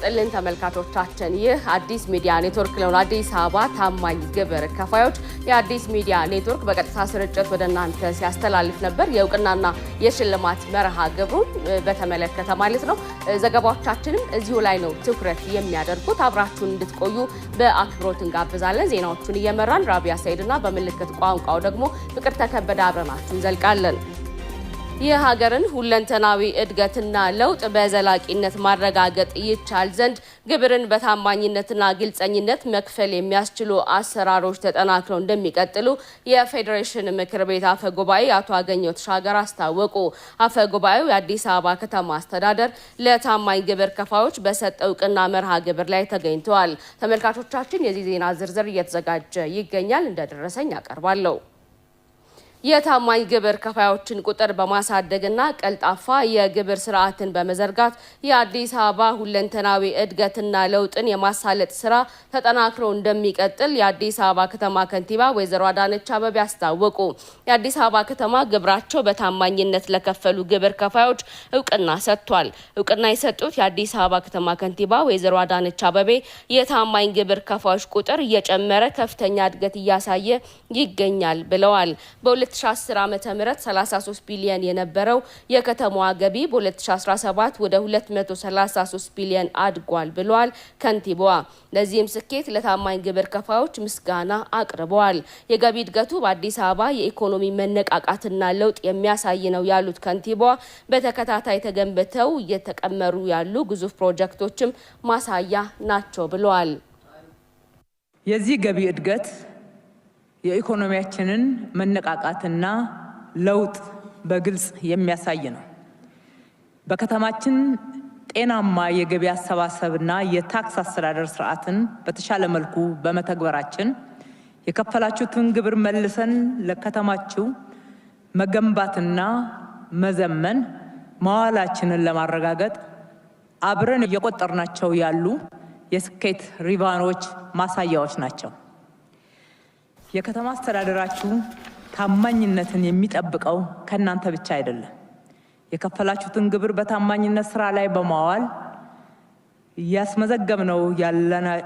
ይስጥልን ተመልካቾቻችን። ይህ አዲስ ሚዲያ ኔትወርክ ነው። አዲስ አበባ ታማኝ ግብር ከፋዮች የአዲስ ሚዲያ ኔትወርክ በቀጥታ ስርጭት ወደ እናንተ ሲያስተላልፍ ነበር። የእውቅናና የሽልማት መርሃ ግብሩን በተመለከተ ማለት ነው። ዘገባዎቻችንም እዚሁ ላይ ነው ትኩረት የሚያደርጉት። አብራችሁን እንድትቆዩ በአክብሮት እንጋብዛለን። ዜናዎቹን እየመራን ራቢያ ሰይድና በምልክት ቋንቋው ደግሞ ፍቅር ተከበደ አብረናችሁ እንዘልቃለን። የሀገርን ሁለንተናዊ እድገትና ለውጥ በዘላቂነት ማረጋገጥ ይቻል ዘንድ ግብርን በታማኝነትና ግልጸኝነት መክፈል የሚያስችሉ አሰራሮች ተጠናክረው እንደሚቀጥሉ የፌዴሬሽን ምክር ቤት አፈ ጉባኤ አቶ አገኘው ተሻገር አስታወቁ። አፈ ጉባኤው የአዲስ አበባ ከተማ አስተዳደር ለታማኝ ግብር ከፋዮች በሰጠው እውቅና መርሃ ግብር ላይ ተገኝተዋል። ተመልካቾቻችን፣ የዚህ ዜና ዝርዝር እየተዘጋጀ ይገኛል። እንደደረሰኝ አቀርባለሁ። የታማኝ ግብር ከፋዮችን ቁጥር በማሳደግና ቀልጣፋ የግብር ስርዓትን በመዘርጋት የአዲስ አበባ ሁለንተናዊ እድገትና ለውጥን የማሳለጥ ስራ ተጠናክሮ እንደሚቀጥል የአዲስ አበባ ከተማ ከንቲባ ወይዘሮ አዳነች አበቤ አስታወቁ። የአዲስ አበባ ከተማ ግብራቸው በታማኝነት ለከፈሉ ግብር ከፋዮች እውቅና ሰጥቷል። እውቅና የሰጡት የአዲስ አበባ ከተማ ከንቲባ ወይዘሮ አዳነች አበቤ የታማኝ ግብር ከፋዮች ቁጥር እየጨመረ ከፍተኛ እድገት እያሳየ ይገኛል ብለዋል። በ2010 33 ቢሊዮን የነበረው የከተማዋ ገቢ በ2017 ወደ 233 ቢሊዮን አድጓል ብለዋል ከንቲባዋ። ለዚህም ስኬት ለታማኝ ግብር ከፋዮች ምስጋና አቅርበዋል። የገቢ እድገቱ በአዲስ አበባ የኢኮኖሚ መነቃቃትና ለውጥ የሚያሳይ ነው ያሉት ከንቲባዋ በተከታታይ ተገንብተው እየተቀመሩ ያሉ ግዙፍ ፕሮጀክቶችም ማሳያ ናቸው ብለዋል። የዚህ ገቢ እድገት የኢኮኖሚያችንን መነቃቃትና ለውጥ በግልጽ የሚያሳይ ነው። በከተማችን ጤናማ የገቢ አሰባሰብና የታክስ አስተዳደር ስርዓትን በተሻለ መልኩ በመተግበራችን የከፈላችሁትን ግብር መልሰን ለከተማችሁ መገንባትና መዘመን መዋላችንን ለማረጋገጥ አብረን እየቆጠርናቸው ያሉ የስኬት ሪቫኖች ማሳያዎች ናቸው። የከተማ አስተዳደራችሁ ታማኝነትን የሚጠብቀው ከእናንተ ብቻ አይደለም። የከፈላችሁትን ግብር በታማኝነት ስራ ላይ በማዋል እያስመዘገብነው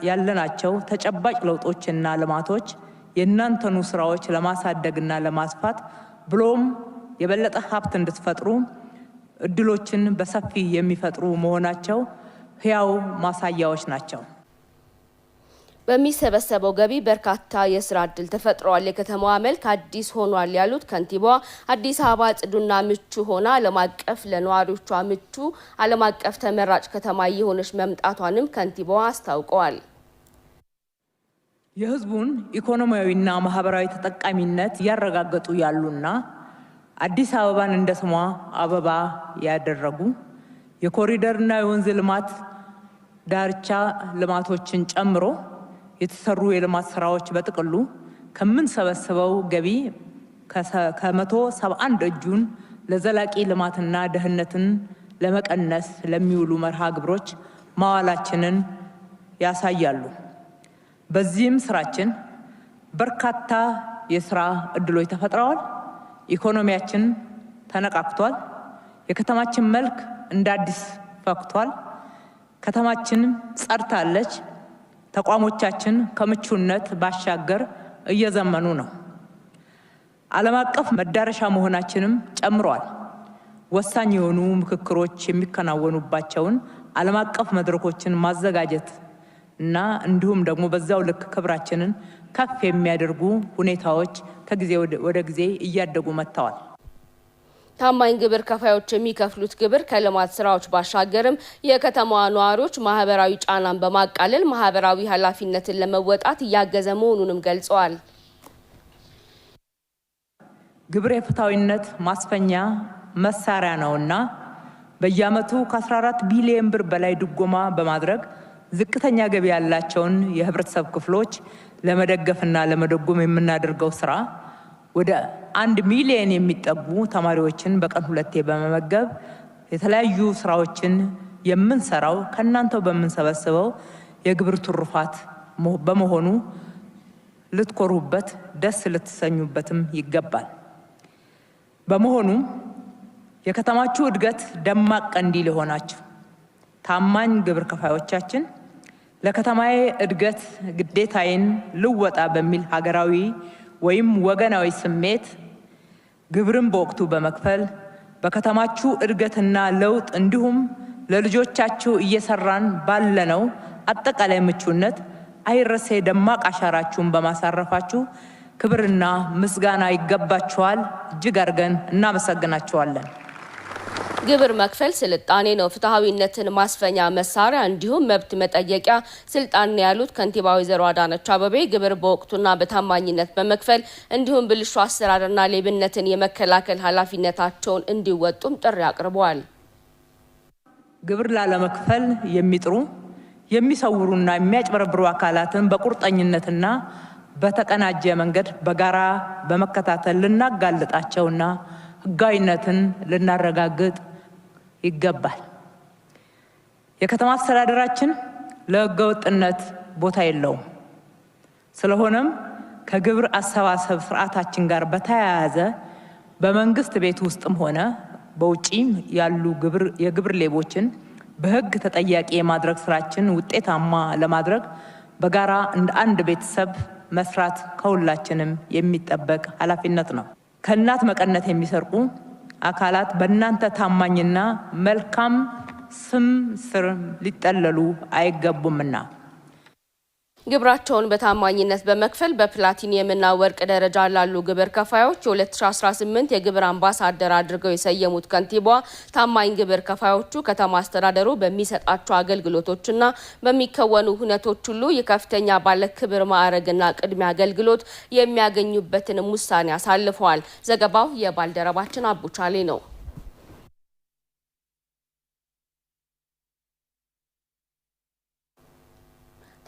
ያለናቸው ተጨባጭ ለውጦችና ልማቶች የእናንተኑ ስራዎች ለማሳደግና ለማስፋት ብሎም የበለጠ ሀብት እንድትፈጥሩ እድሎችን በሰፊ የሚፈጥሩ መሆናቸው ሕያው ማሳያዎች ናቸው። በሚሰበሰበው ገቢ በርካታ የስራ እድል ተፈጥረዋል። የከተማዋ መልክ አዲስ ሆኗል ያሉት ከንቲባዋ አዲስ አበባ ጽዱና ምቹ ሆና ዓለም አቀፍ ለነዋሪዎቿ ምቹ ዓለም አቀፍ ተመራጭ ከተማ እየሆነች መምጣቷንም ከንቲባዋ አስታውቀዋል። የህዝቡን ኢኮኖሚያዊና ማህበራዊ ተጠቃሚነት እያረጋገጡ ያሉና አዲስ አበባን እንደ ስሟ አበባ ያደረጉ የኮሪደርና የወንዝ ልማት ዳርቻ ልማቶችን ጨምሮ የተሰሩ የልማት ስራዎች በጥቅሉ ከምንሰበስበው ገቢ ከመቶ ሰባ አንድ እጁን ለዘላቂ ልማትና ደህንነትን ለመቀነስ ለሚውሉ መርሃ ግብሮች ማዋላችንን ያሳያሉ። በዚህም ስራችን በርካታ የስራ እድሎች ተፈጥረዋል። ኢኮኖሚያችን ተነቃክቷል። የከተማችን መልክ እንደ አዲስ ፈክቷል። ከተማችንም ጸድታለች። ተቋሞቻችን ከምቹነት ባሻገር እየዘመኑ ነው። ዓለም አቀፍ መዳረሻ መሆናችንም ጨምሯል። ወሳኝ የሆኑ ምክክሮች የሚከናወኑባቸውን ዓለም አቀፍ መድረኮችን ማዘጋጀት እና እንዲሁም ደግሞ በዛው ልክ ክብራችንን ከፍ የሚያደርጉ ሁኔታዎች ከጊዜ ወደ ጊዜ እያደጉ መጥተዋል። ታማኝ ግብር ከፋዮች የሚከፍሉት ግብር ከልማት ስራዎች ባሻገርም የከተማዋ ነዋሪዎች ማህበራዊ ጫናን በማቃለል ማህበራዊ ኃላፊነትን ለመወጣት እያገዘ መሆኑንም ገልጸዋል። ግብር የፍትሐዊነት ማስፈኛ መሳሪያ ነውና በየዓመቱ ከ14 ቢሊዮን ብር በላይ ድጎማ በማድረግ ዝቅተኛ ገቢ ያላቸውን የህብረተሰብ ክፍሎች ለመደገፍና ለመደጎም የምናደርገው ስራ ወደ አንድ ሚሊየን የሚጠጉ ተማሪዎችን በቀን ሁለቴ በመመገብ የተለያዩ ስራዎችን የምንሰራው ከእናንተው በምንሰበስበው የግብር ትሩፋት በመሆኑ ልትኮሩበት፣ ደስ ልትሰኙበትም ይገባል። በመሆኑም የከተማችሁ እድገት ደማቅ ቀንዲል የሆናችሁ ታማኝ ግብር ከፋዮቻችን ለከተማዬ እድገት ግዴታዬን ልወጣ በሚል ሀገራዊ ወይም ወገናዊ ስሜት ግብርን በወቅቱ በመክፈል በከተማችሁ እድገትና ለውጥ እንዲሁም ለልጆቻችሁ እየሰራን ባለነው አጠቃላይ ምቹነት አይረሴ ደማቅ አሻራችሁን በማሳረፋችሁ ክብርና ምስጋና ይገባችኋል። እጅግ አድርገን እናመሰግናችኋለን። ግብር መክፈል ስልጣኔ ነው፣ ፍትሐዊነትን ማስፈኛ መሳሪያ፣ እንዲሁም መብት መጠየቂያ ስልጣን ያሉት ከንቲባ ወይዘሮ አዳነች አበቤ ግብር በወቅቱና በታማኝነት በመክፈል እንዲሁም ብልሹ አሰራርና ሌብነትን የመከላከል ኃላፊነታቸውን እንዲወጡም ጥሪ አቅርበዋል። ግብር ላለመክፈል የሚጥሩ የሚሰውሩና የሚያጭበረብሩ አካላትን በቁርጠኝነትና በተቀናጀ መንገድ በጋራ በመከታተል ልናጋልጣቸውና ሕጋዊነትን ልናረጋግጥ ይገባል። የከተማ አስተዳደራችን ለህገወጥነት ቦታ የለውም። ስለሆነም ከግብር አሰባሰብ ስርዓታችን ጋር በተያያዘ በመንግስት ቤት ውስጥም ሆነ በውጪ ያሉ የግብር ሌቦችን በህግ ተጠያቂ የማድረግ ስራችን ውጤታማ ለማድረግ በጋራ እንደ አንድ ቤተሰብ መስራት ከሁላችንም የሚጠበቅ ኃላፊነት ነው። ከእናት መቀነት የሚሰርቁ አካላት በእናንተ ታማኝና መልካም ስም ስር ሊጠለሉ አይገቡምና ግብራቸውን በታማኝነት በመክፈል በፕላቲኒየምና ወርቅ ደረጃ ላሉ ግብር ከፋዮች የ2018 የግብር አምባሳደር አድርገው የሰየሙት ከንቲባ ታማኝ ግብር ከፋዮቹ ከተማ አስተዳደሩ በሚሰጣቸው አገልግሎቶችና በሚከወኑ ሁነቶች ሁሉ የከፍተኛ ባለ ክብር ማዕረግና ቅድሚያ አገልግሎት የሚያገኙበትንም ውሳኔ አሳልፈዋል። ዘገባው የባልደረባችን አቡቻሌ ነው።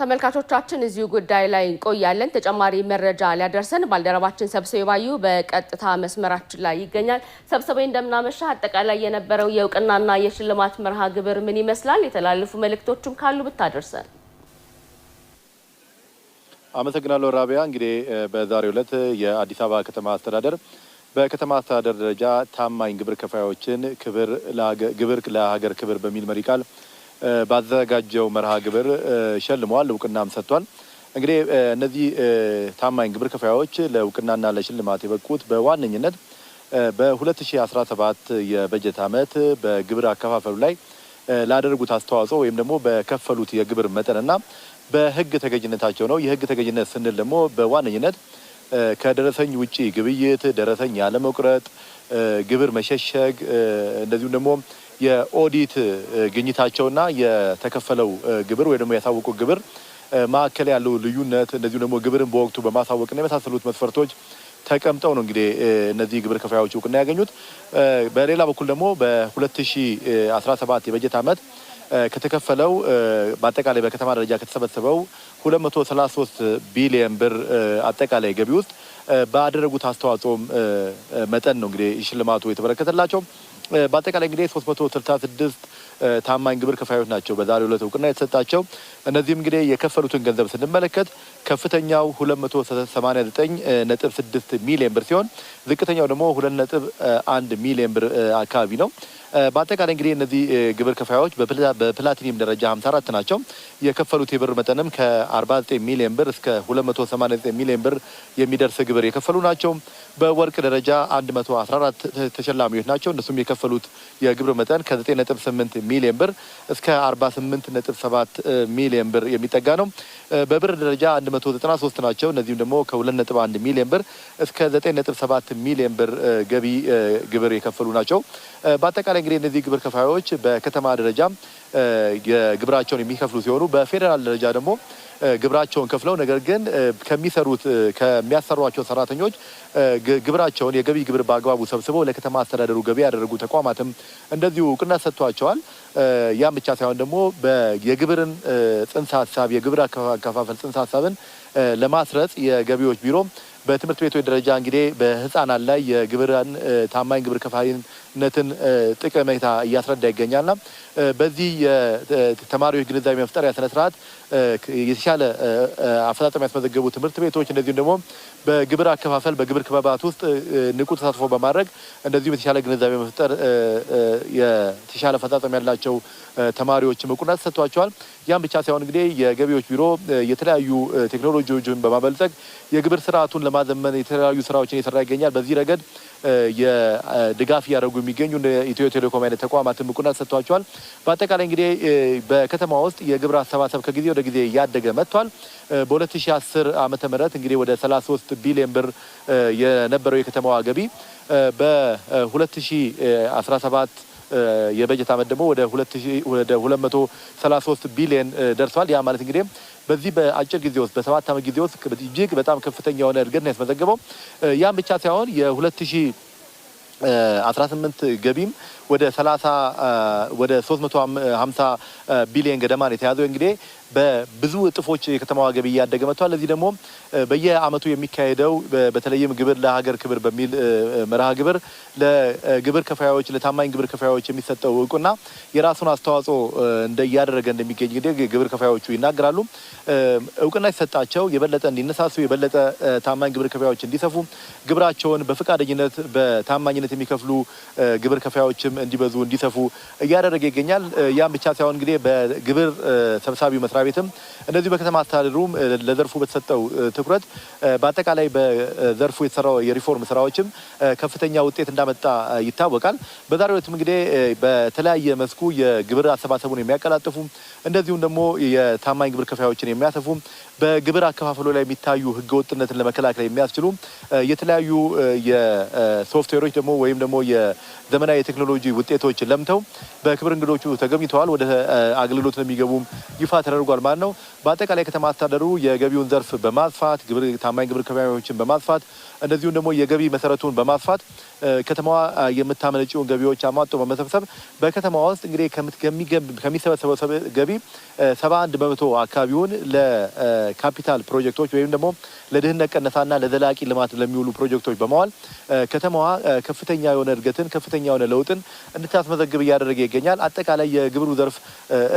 ተመልካቾቻችን እዚሁ ጉዳይ ላይ እንቆያለን። ተጨማሪ መረጃ ሊያደርሰን ባልደረባችን ሰብሰቤ ባዩ በቀጥታ መስመራችን ላይ ይገኛል። ሰብሰቤ እንደምናመሻ። አጠቃላይ የነበረው የእውቅናና የሽልማት መርሃ ግብር ምን ይመስላል? የተላለፉ መልእክቶችም ካሉ ብታደርሰን። አመሰግናለሁ ራቢያ። እንግዲህ በዛሬው ዕለት የአዲስ አበባ ከተማ አስተዳደር በከተማ አስተዳደር ደረጃ ታማኝ ግብር ከፋዮችን ግብር ለሀገር ክብር በሚል መሪ ቃል ባዘጋጀው መርሃ ግብር ሸልመዋል፣ እውቅናም ሰጥቷል። እንግዲህ እነዚህ ታማኝ ግብር ከፋዮች ለእውቅናና ለሽልማት የበቁት በዋነኝነት በ2017 የበጀት ዓመት በግብር አከፋፈሉ ላይ ላደረጉት አስተዋጽኦ ወይም ደግሞ በከፈሉት የግብር መጠንና በሕግ ተገዥነታቸው ነው። የሕግ ተገዥነት ስንል ደግሞ በዋነኝነት ከደረሰኝ ውጪ ግብይት፣ ደረሰኝ ያለመቁረጥ፣ ግብር መሸሸግ እንደዚሁም ደግሞ የኦዲት ግኝታቸውና የተከፈለው ግብር ወይ ደግሞ ያሳወቁ ግብር መካከል ያለው ልዩነት እንደዚሁ ደግሞ ግብርን በወቅቱ በማሳወቅና የመሳሰሉት መስፈርቶች ተቀምጠው ነው እንግዲህ እነዚህ ግብር ከፋዮች እውቅና ያገኙት። በሌላ በኩል ደግሞ በ2017 የበጀት ዓመት ከተከፈለው በአጠቃላይ በከተማ ደረጃ ከተሰበሰበው 233 ቢሊየን ብር አጠቃላይ ገቢ ውስጥ ባደረጉት አስተዋጽኦም መጠን ነው እንግዲህ ሽልማቱ የተበረከተላቸው። በአጠቃላይ እንግዲህ 366 ታማኝ ግብር ከፋዮች ናቸው በዛሬው ዕለት እውቅና የተሰጣቸው። እነዚህም እንግዲህ የከፈሉትን ገንዘብ ስንመለከት ከፍተኛው 289.6 ሚሊዮን ብር ሲሆን ዝቅተኛው ደግሞ 2.1 ሚሊዮን ብር አካባቢ ነው። በአጠቃላይ እንግዲህ እነዚህ ግብር ከፋዮች በፕላቲኒየም ደረጃ 54 ናቸው። የከፈሉት የብር መጠንም ከ49 ሚሊዮን ብር እስከ 289 ሚሊዮን ብር የሚደርስ ግብር የከፈሉ ናቸው። በወርቅ ደረጃ 114 ተሸላሚዎች ናቸው። እነሱም የከፈሉት የግብር መጠን ከ9.8 ሚሊዮን ብር እስከ 48.7 ሚሊዮን ብር የሚጠጋ ነው። በብር ደረጃ 193 ናቸው። እነዚህም ደግሞ ከ2.1 ሚሊዮን ብር እስከ 9.7 ሚሊዮን ብር ገቢ ግብር የከፈሉ ናቸው። በአጠቃላይ እንግዲህ እነዚህ ግብር ከፋዮች በከተማ ደረጃ ግብራቸውን የሚከፍሉ ሲሆኑ በፌዴራል ደረጃ ደግሞ ግብራቸውን ከፍለው ነገር ግን ከሚሰሩት ከሚያሰሯቸው ሰራተኞች ግብራቸውን የገቢ ግብር በአግባቡ ሰብስበው ለከተማ አስተዳደሩ ገቢ ያደረጉ ተቋማትም እንደዚሁ እውቅና ሰጥቷቸዋል። ያም ብቻ ሳይሆን ደግሞ የግብርን ጽንሰ ሀሳብ የግብር አከፋፈል ጽንሰ ሀሳብን ለማስረጽ የገቢዎች ቢሮ በትምህርት ቤቶች ደረጃ እንግዲህ በህፃናት ላይ የግብርን ታማኝ ግብር ከፋይነትን ጥቅሜታ እያስረዳ ይገኛልና በዚህ የተማሪዎች ግንዛቤ መፍጠሪያ ስነስርዓት የተሻለ አፈጣጠም ያስመዘገቡ ትምህርት ቤቶች እንደዚሁም ደግሞ በግብር አከፋፈል በግብር ክበባት ውስጥ ንቁ ተሳትፎ በማድረግ እንደዚሁም የተሻለ ግንዛቤ መፍጠር የተሻለ አፈጣጠም ያላቸው ተማሪዎችም እውቅና ተሰጥቷቸዋል። ያም ብቻ ሳይሆን እንግዲህ የገቢዎች ቢሮ የተለያዩ ቴክኖሎጂዎችን በማበልጸግ የግብር ስርዓቱን ለማዘመን የተለያዩ ስራዎችን እየሰራ ይገኛል። በዚህ ረገድ የድጋፍ እያደረጉ የሚገኙ ኢትዮ ቴሌኮም አይነት ተቋማትም እውቅና ተሰጥቷቸዋል። በአጠቃላይ እንግዲህ በከተማ ውስጥ የግብር አሰባሰብ ከጊዜ ወደ ጊዜ እያደገ መጥቷል። በ2010 ዓመተ ምህረት እንግዲህ ወደ 33 ቢሊዮን ብር የነበረው የከተማዋ ገቢ በ2017 የበጀት ዓመት ደግሞ ወደ 233 ቢሊዮን ደርሷል። ያ ማለት እንግዲህ በዚህ በአጭር ጊዜ ውስጥ በሰባት ዓመት ጊዜ ውስጥ እጅግ በጣም ከፍተኛ የሆነ እድገት ነው ያስመዘገበው። ያም ብቻ ሳይሆን የ2018 ገቢም ወደ 30 ወደ 350 ቢሊዮን ገደማ ነው የተያዘው። እንግዲህ በብዙ እጥፎች የከተማዋ ገቢ እያደገ መጥቷል። ለዚህ ደግሞ በየአመቱ የሚካሄደው በተለይም ግብር ለሀገር ክብር በሚል መርሃ ግብር ለግብር ከፋዮች ለታማኝ ግብር ከፋዮች የሚሰጠው እውቁና የራሱን አስተዋጽኦ እያደረገ እንደሚገኝ እንግዲህ ግብር ከፋዮቹ ይናገራሉ። እውቅና ሲሰጣቸው የበለጠ እንዲነሳሱ የበለጠ ታማኝ ግብር ከፋዮች እንዲሰፉ ግብራቸውን በፈቃደኝነት በታማኝነት የሚከፍሉ ግብር ከፋዮችም እንዲበዙ እንዲሰፉ እያደረገ ይገኛል። ያም ብቻ ሳይሆን እንግዲህ በግብር ሰብሳቢው መስሪያ ቤትም እንደዚሁ በከተማ አስተዳደሩ ለዘርፉ በተሰጠው ትኩረት በአጠቃላይ በዘርፉ የተሰራው የሪፎርም ስራዎችም ከፍተኛ ውጤት እንዳመጣ ይታወቃል። በዛሬው ዕለትም እንግዲህ በተለያየ መስኩ የግብር አሰባሰቡን የሚያቀላጥፉ እንደዚሁም ደግሞ የታማኝ ግብር ከፋዮችን የሚያሰፉ በግብር አከፋፈሎ ላይ የሚታዩ ህገወጥነትን ለመከላከል የሚያስችሉ የተለያዩ የሶፍትዌሮች ደግሞ ወይም ደግሞ የዘመናዊ የቴክኖሎጂ ውጤቶች ለምተው በክብር እንግዶቹ ተገኝተዋል። ወደ አገልግሎት ለሚገቡም ይፋ ተደርጓል። አድርጓል ማለት ነው። በአጠቃላይ ከተማ አስተዳደሩ የገቢውን ዘርፍ በማስፋት ታማኝ ግብር ከፋዮችን በማስፋት እንደዚሁም ደግሞ የገቢ መሰረቱን በማስፋት ከተማዋ የምታመነጭውን ገቢዎች አሟጦ በመሰብሰብ በከተማዋ ውስጥ እንግዲህ ከሚሰበሰበው ገቢ 71 በመቶ አካባቢውን ለካፒታል ፕሮጀክቶች ወይም ደግሞ ለድህነት ቀነሳና ለዘላቂ ልማት ለሚውሉ ፕሮጀክቶች በመዋል ከተማዋ ከፍተኛ የሆነ እድገትን ከፍተኛ የሆነ ለውጥን እንድታስመዘግብ እያደረገ ይገኛል። አጠቃላይ የግብሩ ዘርፍ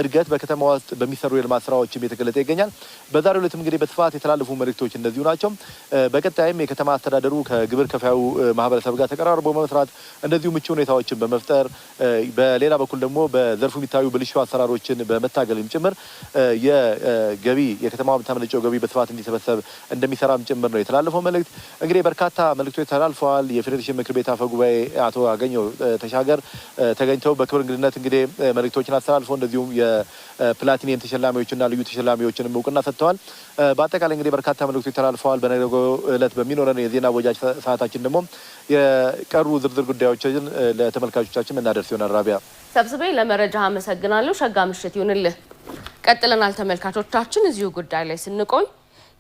እድገት በከተማዋ ውስጥ በሚሰሩ የልማት ስራዎችም የተገለጠ ይገኛል። በዛሬው ዕለትም እንግዲህ በስፋት የተላለፉ መልእክቶች እነዚሁ ናቸው። በቀጣይም የከተማ አስተዳደሩ ከግብር ከፋዩ ማህበረሰብ ጋር ተቀራርቦ በመስራት እንደዚሁ ምቹ ሁኔታዎችን በመፍጠር በሌላ በኩል ደግሞ በዘርፉ የሚታዩ ብልሹ አሰራሮችን በመታገልም ጭምር የገቢ የከተማ ተመነጨው ገቢ በስፋት እንዲሰበሰብ እንደሚሰራም ጭምር ነው የተላለፈው መልእክት። እንግዲህ በርካታ መልእክቶች ተላልፈዋል። የፌዴሬሽን ምክር ቤት አፈ ጉባኤ አቶ አገኘው ተሻገር ተገኝተው በክብር እንግድነት እንግዲህ መልእክቶችን አስተላልፈው እንደዚሁም የፕላቲኒየም ተሸላሚዎችና ልዩ ተሸላሚዎችንም እውቅና ሰጥተዋል። በአጠቃላይ እንግዲህ በርካታ መልእክቶች ተላልፈዋል። በነገው ዕለት በሚኖረን የዜና ወጃጅ ሰዓታችን ደግሞ የቀሩ ዝርዝር ጉዳዮችን ለተመልካቾቻችን እናደርስ ይሆናል። ራቢያ ሰብስቤ ለመረጃ አመሰግናለሁ። ሸጋ ምሽት ይሁንልህ። ቀጥለናል ተመልካቾቻችን። እዚሁ ጉዳይ ላይ ስንቆይ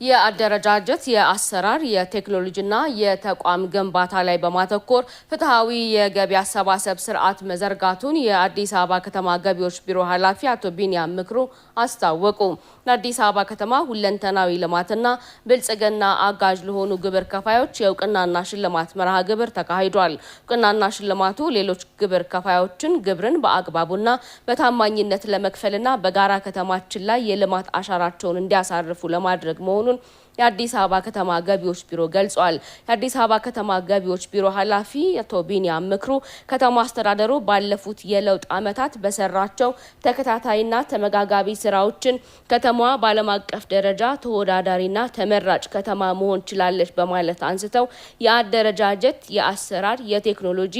የአደረጃጀት የአሰራር የቴክኖሎጂና የተቋም ግንባታ ላይ በማተኮር ፍትሐዊ የገቢ አሰባሰብ ስርዓት መዘርጋቱን የአዲስ አበባ ከተማ ገቢዎች ቢሮ ኃላፊ አቶ ቢንያም ምክሩ አስታወቁ። ለአዲስ አበባ ከተማ ሁለንተናዊ ልማትና ብልጽግና አጋዥ ለሆኑ ግብር ከፋዮች የእውቅናና ሽልማት መርሃ ግብር ተካሂዷል። እውቅናና ሽልማቱ ሌሎች ግብር ከፋዮችን ግብርን በአግባቡና በታማኝነት ለመክፈልና በጋራ ከተማችን ላይ የልማት አሻራቸውን እንዲያሳርፉ ለማድረግ መሆኑ বলুন የአዲስ አበባ ከተማ ገቢዎች ቢሮ ገልጿል። የአዲስ አበባ ከተማ ገቢዎች ቢሮ ኃላፊ አቶ ቢኒያም ምክሩ ከተማ አስተዳደሩ ባለፉት የለውጥ ዓመታት በሰራቸው ተከታታይና ተመጋጋቢ ስራዎችን ከተማዋ በዓለም አቀፍ ደረጃ ተወዳዳሪና ተመራጭ ከተማ መሆን ችላለች በማለት አንስተው የአደረጃጀት፣ የአሰራር፣ የቴክኖሎጂ፣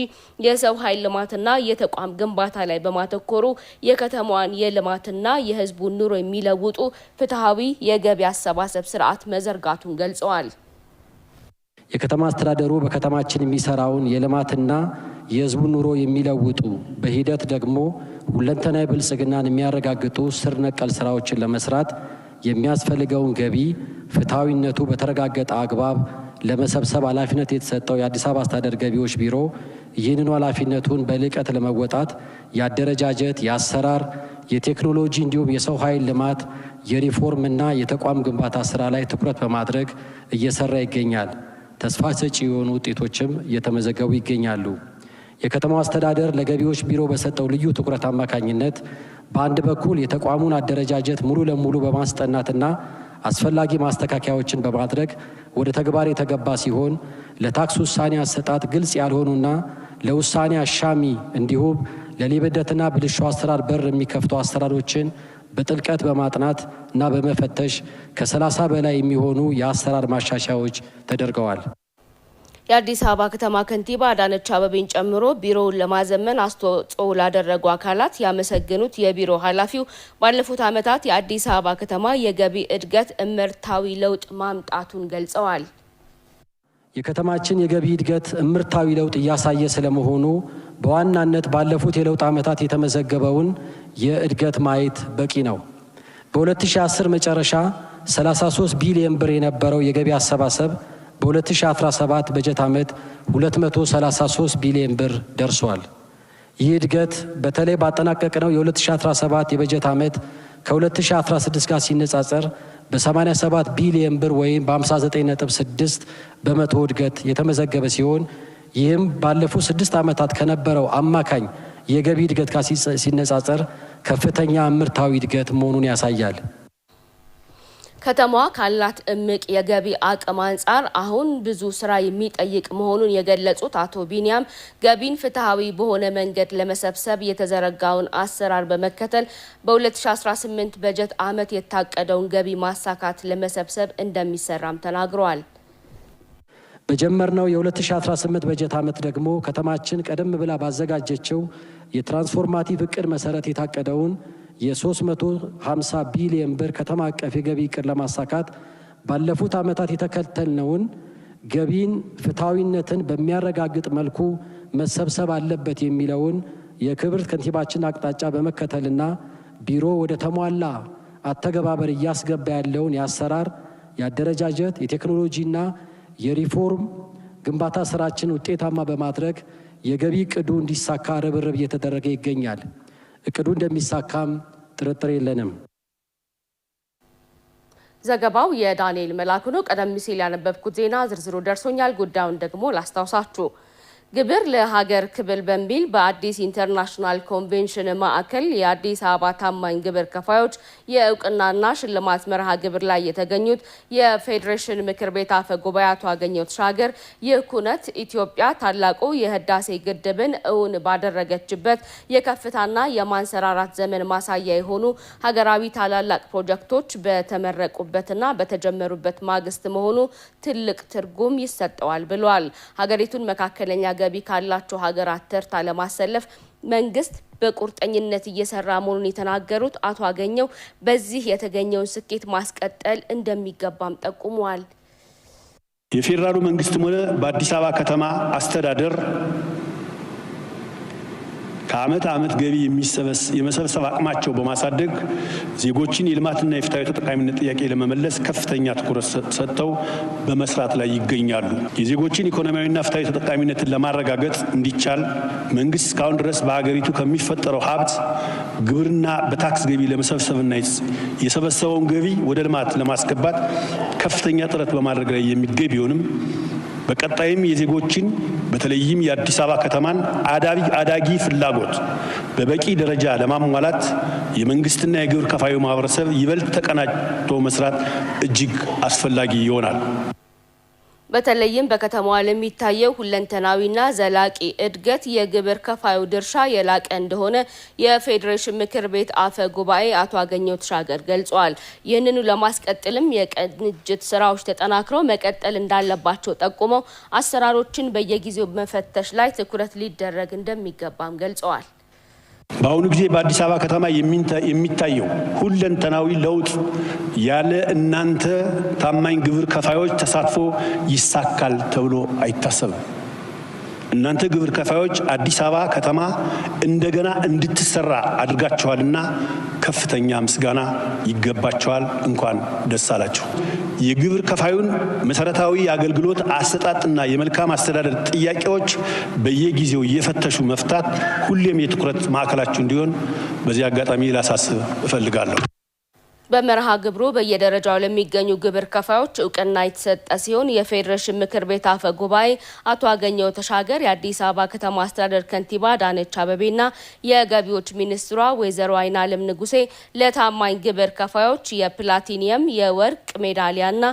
የሰው ኃይል ልማትና የተቋም ግንባታ ላይ በማተኮሩ የከተማዋን የልማትና የሕዝቡን ኑሮ የሚለውጡ ፍትሐዊ የገቢ አሰባሰብ ስርዓት መዘ መዘርጋቱን ገልጸዋል። የከተማ አስተዳደሩ በከተማችን የሚሰራውን የልማትና የህዝቡ ኑሮ የሚለውጡ በሂደት ደግሞ ሁለንተናዊ ብልጽግናን የሚያረጋግጡ ስር ነቀል ስራዎችን ለመስራት የሚያስፈልገውን ገቢ ፍትሐዊነቱ በተረጋገጠ አግባብ ለመሰብሰብ ኃላፊነት የተሰጠው የአዲስ አበባ አስተዳደር ገቢዎች ቢሮ ይህንኑ ኃላፊነቱን በልቀት ለመወጣት የአደረጃጀት፣ የአሰራር፣ የቴክኖሎጂ እንዲሁም የሰው ኃይል ልማት የሪፎርም እና የተቋም ግንባታ ስራ ላይ ትኩረት በማድረግ እየሰራ ይገኛል። ተስፋ ሰጪ የሆኑ ውጤቶችም እየተመዘገቡ ይገኛሉ። የከተማው አስተዳደር ለገቢዎች ቢሮ በሰጠው ልዩ ትኩረት አማካኝነት በአንድ በኩል የተቋሙን አደረጃጀት ሙሉ ለሙሉ በማስጠናትና አስፈላጊ ማስተካከያዎችን በማድረግ ወደ ተግባር የተገባ ሲሆን ለታክስ ውሳኔ አሰጣጥ ግልጽ ያልሆኑና ለውሳኔ አሻሚ እንዲሁም ለሊበደትና ብልሹ አሰራር በር የሚከፍቱ አሰራሮችን በጥልቀት በማጥናት እና በመፈተሽ ከ30 በላይ የሚሆኑ የአሰራር ማሻሻያዎች ተደርገዋል። የአዲስ አበባ ከተማ ከንቲባ አዳነች አበቤን ጨምሮ ቢሮውን ለማዘመን አስተዋጽኦ ላደረጉ አካላት ያመሰገኑት የቢሮ ኃላፊው ባለፉት ዓመታት የአዲስ አበባ ከተማ የገቢ እድገት እምርታዊ ለውጥ ማምጣቱን ገልጸዋል። የከተማችን የገቢ እድገት እምርታዊ ለውጥ እያሳየ ስለመሆኑ በዋናነት ባለፉት የለውጥ ዓመታት የተመዘገበውን የእድገት ማየት በቂ ነው። በ2010 መጨረሻ 33 ቢሊዮን ብር የነበረው የገቢ አሰባሰብ በ2017 በጀት ዓመት 233 ቢሊዮን ብር ደርሷል። ይህ እድገት በተለይ ባጠናቀቅነው የ2017 የበጀት ዓመት ከ2016 ጋር ሲነጻጸር በ87 ቢሊዮን ብር ወይም በ59.6 በመቶ እድገት የተመዘገበ ሲሆን ይህም ባለፉት ስድስት ዓመታት ከነበረው አማካኝ የገቢ እድገት ጋር ሲነጻጸር ከፍተኛ ምርታዊ እድገት መሆኑን ያሳያል። ከተማዋ ካላት እምቅ የገቢ አቅም አንጻር አሁን ብዙ ስራ የሚጠይቅ መሆኑን የገለጹት አቶ ቢንያም ገቢን ፍትሐዊ በሆነ መንገድ ለመሰብሰብ የተዘረጋውን አሰራር በመከተል በ2018 በጀት ዓመት የታቀደውን ገቢ ማሳካት ለመሰብሰብ እንደሚሰራም ተናግረዋል። በጀመርነው የ2018 በጀት ዓመት ደግሞ ከተማችን ቀደም ብላ ባዘጋጀችው የትራንስፎርማቲቭ እቅድ መሰረት የታቀደውን የ350 ቢሊዮን ብር ከተማ አቀፍ የገቢ እቅድ ለማሳካት ባለፉት ዓመታት የተከተልነውን ገቢን ፍትሐዊነትን በሚያረጋግጥ መልኩ መሰብሰብ አለበት የሚለውን የክብርት ከንቲባችን አቅጣጫ በመከተልና ቢሮ ወደ ተሟላ አተገባበር እያስገባ ያለውን የአሰራር፣ የአደረጃጀት፣ የቴክኖሎጂና የሪፎርም ግንባታ ስራችን ውጤታማ በማድረግ የገቢ እቅዱ እንዲሳካ ርብርብ እየተደረገ ይገኛል። እቅዱ እንደሚሳካም ጥርጥር የለንም። ዘገባው የዳንኤል መላኩ ነው። ቀደም ሲል ያነበብኩት ዜና ዝርዝሩ ደርሶኛል። ጉዳዩን ደግሞ ላስታውሳችሁ። ግብር ለሀገር ክብል በሚል በአዲስ ኢንተርናሽናል ኮንቬንሽን ማዕከል የአዲስ አበባ ታማኝ ግብር ከፋዮች የእውቅናና ሽልማት መርሃ ግብር ላይ የተገኙት የፌዴሬሽን ምክር ቤት አፈ ጉባኤ አቶ አገኘሁ ተሻገር ይህ ኩነት ኢትዮጵያ ታላቁ የህዳሴ ግድብን እውን ባደረገችበት የከፍታና የማንሰራራት ዘመን ማሳያ የሆኑ ሀገራዊ ታላላቅ ፕሮጀክቶች በተመረቁበትና በተጀመሩበት ማግስት መሆኑ ትልቅ ትርጉም ይሰጠዋል ብለዋል። ሀገሪቱን መካከለኛ ገቢ ካላቸው ሀገራት ተርታ ለማሰለፍ መንግስት በቁርጠኝነት እየሰራ መሆኑን የተናገሩት አቶ አገኘው በዚህ የተገኘውን ስኬት ማስቀጠል እንደሚገባም ጠቁመዋል። የፌዴራሉ መንግስትም ሆነ በአዲስ አበባ ከተማ አስተዳደር ከአመት አመት ገቢ የመሰብሰብ አቅማቸው በማሳደግ ዜጎችን የልማትና የፍትሐዊ ተጠቃሚነት ጥያቄ ለመመለስ ከፍተኛ ትኩረት ሰጥተው በመስራት ላይ ይገኛሉ። የዜጎችን ኢኮኖሚያዊና ፍትሐዊ ተጠቃሚነትን ለማረጋገጥ እንዲቻል መንግስት እስካሁን ድረስ በሀገሪቱ ከሚፈጠረው ሀብት ግብርና በታክስ ገቢ ለመሰብሰብና የሰበሰበውን ገቢ ወደ ልማት ለማስገባት ከፍተኛ ጥረት በማድረግ ላይ የሚገኝ ቢሆንም በቀጣይም የዜጎችን በተለይም የአዲስ አበባ ከተማን አዳጊ ፍላጎት በበቂ ደረጃ ለማሟላት የመንግስትና የግብር ከፋዩ ማህበረሰብ ይበልጥ ተቀናጅቶ መስራት እጅግ አስፈላጊ ይሆናል። በተለይም በከተማዋ ለሚታየው ሁለንተናዊና ዘላቂ እድገት የግብር ከፋዩ ድርሻ የላቀ እንደሆነ የፌዴሬሽን ምክር ቤት አፈ ጉባኤ አቶ አገኘው ተሻገር ገልጸዋል። ይህንኑ ለማስቀጥልም የቅንጅት ስራዎች ተጠናክረው መቀጠል እንዳለባቸው ጠቁመው አሰራሮችን በየጊዜው መፈተሽ ላይ ትኩረት ሊደረግ እንደሚገባም ገልጸዋል። በአሁኑ ጊዜ በአዲስ አበባ ከተማ የሚታየው ሁለንተናዊ ለውጥ ያለ እናንተ ታማኝ ግብር ከፋዮች ተሳትፎ ይሳካል ተብሎ አይታሰብም። እናንተ ግብር ከፋዮች አዲስ አበባ ከተማ እንደገና እንድትሰራ አድርጋችኋልና ከፍተኛ ምስጋና ይገባችኋል። እንኳን ደስ አላችሁ። የግብር ከፋዩን መሰረታዊ የአገልግሎት አሰጣጥና የመልካም አስተዳደር ጥያቄዎች በየጊዜው እየፈተሹ መፍታት ሁሌም የትኩረት ማዕከላችሁ እንዲሆን በዚህ አጋጣሚ ላሳስብ እፈልጋለሁ። በመርሃ ግብሩ በየደረጃው ለሚገኙ ግብር ከፋዮች እውቅና የተሰጠ ሲሆን የፌዴሬሽን ምክር ቤት አፈ ጉባኤ አቶ አገኘው ተሻገር፣ የአዲስ አበባ ከተማ አስተዳደር ከንቲባ አዳነች አቤቤና የገቢዎች ሚኒስትሯ ወይዘሮ አይናለም ንጉሴ ለታማኝ ግብር ከፋዮች የፕላቲኒየም የወርቅ ሜዳሊያና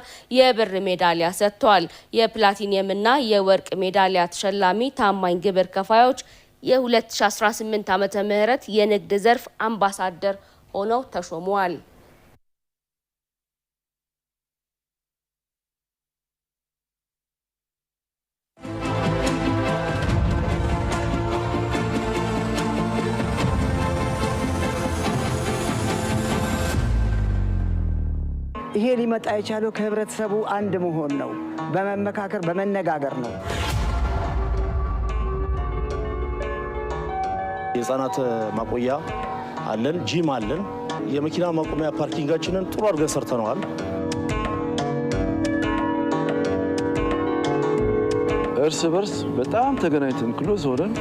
የብር ሜዳሊያ ሰጥተዋል። የፕላቲኒየምና የወርቅ ሜዳሊያ ተሸላሚ ታማኝ ግብር ከፋዮች የ2018 ም የንግድ ዘርፍ አምባሳደር ሆነው ተሾመዋል። ይሄ ሊመጣ የቻለው ከህብረተሰቡ አንድ መሆን ነው፣ በመመካከር በመነጋገር ነው። የህፃናት ማቆያ አለን፣ ጂም አለን። የመኪና ማቆሚያ ፓርኪንጋችንን ጥሩ አድርገን ሰርተነዋል። እርስ በርስ በጣም ተገናኝተን ክሎዝ ሆነን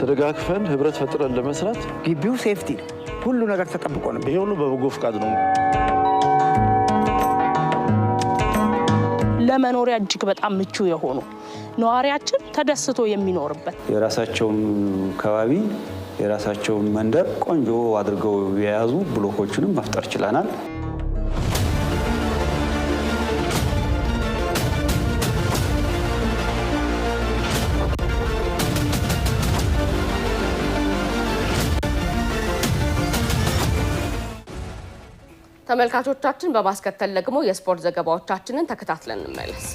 ተደጋግፈን ህብረት ፈጥረን ለመስራት ግቢው ሴፍቲ ሁሉ ነገር ተጠብቆ ነው። ይሄ ሁሉ በበጎ ፈቃድ ነው። ለመኖሪያ እጅግ በጣም ምቹ የሆኑ ነዋሪያችን ተደስቶ የሚኖርበት የራሳቸውን ከባቢ የራሳቸውን መንደር ቆንጆ አድርገው የያዙ ብሎኮችንም መፍጠር ችለናል። ተመልካቾቻችን፣ በማስከተል ደግሞ የስፖርት ዘገባዎቻችንን ተከታትለን እንመለስ።